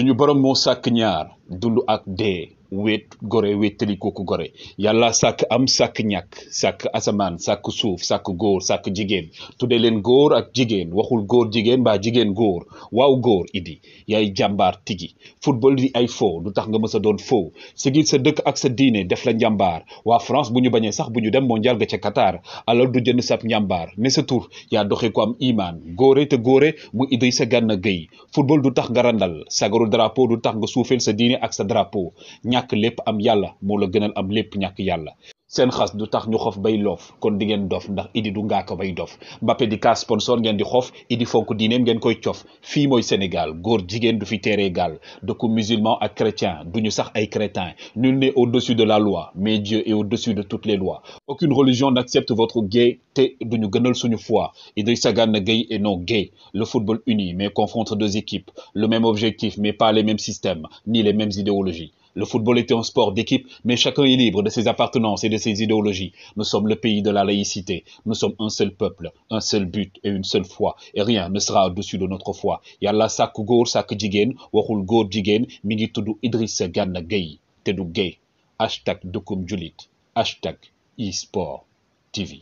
suñu borom moo sàkk ñaar dund ak dee wet gore weteli koku gore yalla sak am sak ñak sak asaman sak suuf sak góor sak jigen. tudde len góor ak jigen waxul góor jigen ba jigen góor waw góor idi yay jambar tigi football di ay foo du tax nga sedek a doon foo sa dëkk ak sa diiné def la jambar wa France buñu bañé sax buñu dem mondial ga ci Qatar ala du jënd sap jambar né sa tour ya doxé ko am iman goré te goré mu Idrissa ganna Gueye football du tax nga randal sagaru drapeau du tax nga sa diiné ak sa drapeau ñàkk lepp am yalla mo la gënal am lepp ñak yalla sen xass du tax ñu xof bay loof kon di ngeen dof ndax idi du ngaaka bay dof Mbappé di ka sponsor ngeen di xof idi fonku diineem ngeen koy cof fi moy Sénégal gor jigen du fi téré gal de ko musulman ak chrétien duñu sax ay crétin nul n'est au-dessus de la loi mais Dieu est au-dessus de toutes les lois aucune religion n'accepte votre gay té duñu gënal suñu foi Idrissa Gana gay et non gay le football uni mais confronte deux équipes le même objectif mais pas les mêmes systèmes ni les mêmes idéologies le football était un sport d'équipe, mais chacun est libre de ses appartenances et de ses idéologies. Nous sommes le pays de la laïcité. Nous sommes un seul peuple, un seul but et une seule foi. Et rien ne sera au-dessus de notre foi. Yalla sak jigen, jigen, gay. Hashtag Julit. Hashtag eSport TV.